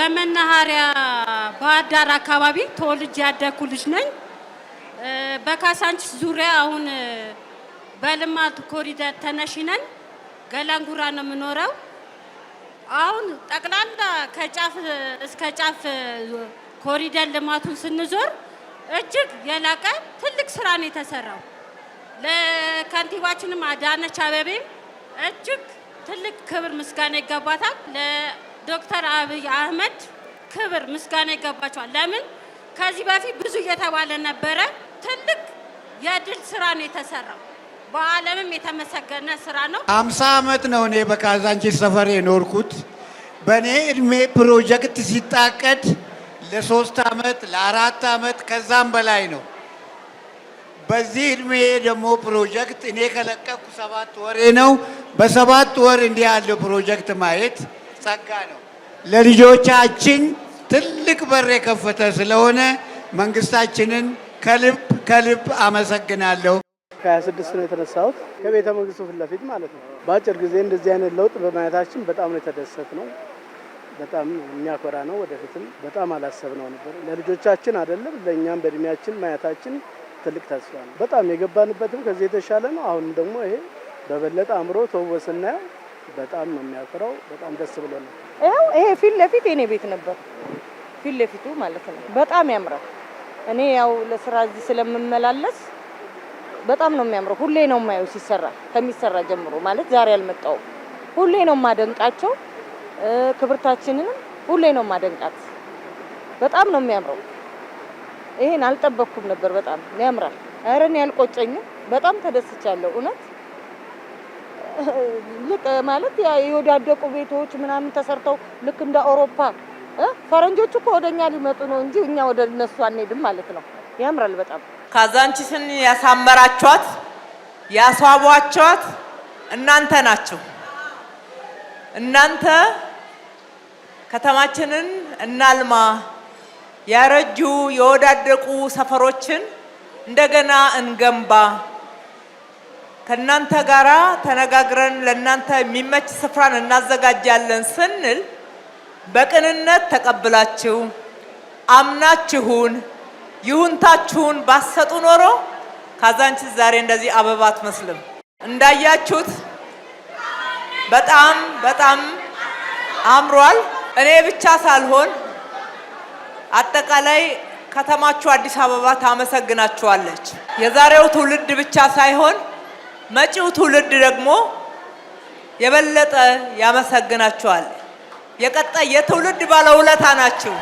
በመናኸሪያ ባህር ዳር አካባቢ ተወልጄ ያደኩ ልጅ ነኝ። በካሳንቺስ ዙሪያ አሁን በልማት ኮሪደር ተነሽነን ገላንጉራ ነው የምኖረው። አሁን ጠቅላላ ከጫፍ እስከ ጫፍ ኮሪደር ልማቱን ስንዞር እጅግ የላቀ ትልቅ ስራ ነው የተሰራው። ለከንቲባችንም አዳነች አበቤም እጅግ ትልቅ ክብር ምስጋና ይገባታል። ዶክተር አብይ አህመድ ክብር ምስጋና ይገባቸዋል። ለምን ከዚህ በፊት ብዙ እየተባለ ነበረ። ትልቅ የድል ስራ ነው የተሰራው። በዓለምም የተመሰገነ ስራ ነው። አምሳ ዓመት ነው እኔ በካዛንቺስ ሰፈር የኖርኩት። በእኔ እድሜ ፕሮጀክት ሲታቀድ ለሶስት ዓመት ለአራት ዓመት ከዛም በላይ ነው። በዚህ እድሜ ደግሞ ፕሮጀክት እኔ ከለቀኩ ሰባት ወሬ ነው። በሰባት ወር እንዲህ ያለው ፕሮጀክት ማየት ጸጋ ነው። ለልጆቻችን ትልቅ በር የከፈተ ስለሆነ መንግስታችንን ከልብ ከልብ አመሰግናለሁ። ከ26 ነው የተነሳሁት ከቤተ መንግስቱ ፊት ለፊት ማለት ነው። በአጭር ጊዜ እንደዚህ አይነት ለውጥ በማየታችን በጣም ነው የተደሰት ነው። በጣም የሚያኮራ ነው። ወደፊትም በጣም አላሰብ ነው ነበር ለልጆቻችን አይደለም ለእኛም በእድሜያችን ማየታችን ትልቅ ተስፋ ነው። በጣም የገባንበትም ከዚህ የተሻለ ነው። አሁን ደግሞ ይሄ በበለጠ አእምሮ ተውቦ ስናየው በጣም ነው የሚያኮራው። በጣም ደስ ብሎ ነው። ይኸው ይሄ ፊት ለፊት የኔ ቤት ነበር፣ ፊት ለፊቱ ማለት ነው። በጣም ያምራል። እኔ ያው ለስራ እዚህ ስለምመላለስ በጣም ነው የሚያምረው። ሁሌ ነው የማየው ሲሰራ፣ ከሚሰራ ጀምሮ ማለት ዛሬ አልመጣሁም። ሁሌ ነው የማደንቃቸው። ክብርታችንንም ሁሌ ነው የማደንቃት። በጣም ነው የሚያምረው። ይሄን አልጠበኩም ነበር። በጣም ያምራል። ኧረ እኔ አልቆጨኝም። በጣም ተደስቻለሁ እውነት ልቅ ማለት የወዳደቁ ቤቶች ምናምን ተሰርተው ልክ እንደ አውሮፓ ፈረንጆቹ እኮ ወደ እኛ ሊመጡ ነው እንጂ እኛ ወደ እነሱ አንሄድም ማለት ነው። ያምራል በጣም ካዛንቺስን ያሳመራችኋት ያስዋቧችኋት እናንተ ናችሁ። እናንተ ከተማችንን እናልማ፣ ያረጁ የወዳደቁ ሰፈሮችን እንደገና እንገንባ ከእናንተ ጋራ ተነጋግረን ለእናንተ የሚመች ስፍራን እናዘጋጃለን ስንል በቅንነት ተቀብላችሁ አምናችሁን ይሁንታችሁን ባሰጡ ኖሮ ካዛንች ዛሬ እንደዚህ አበባ አትመስልም። እንዳያችሁት በጣም በጣም አምሯል። እኔ ብቻ ሳልሆን አጠቃላይ ከተማችሁ አዲስ አበባ ታመሰግናችኋለች። የዛሬው ትውልድ ብቻ ሳይሆን መጪው ትውልድ ደግሞ የበለጠ ያመሰግናችኋል። የቀጣይ የትውልድ ባለውለታ ናችሁ።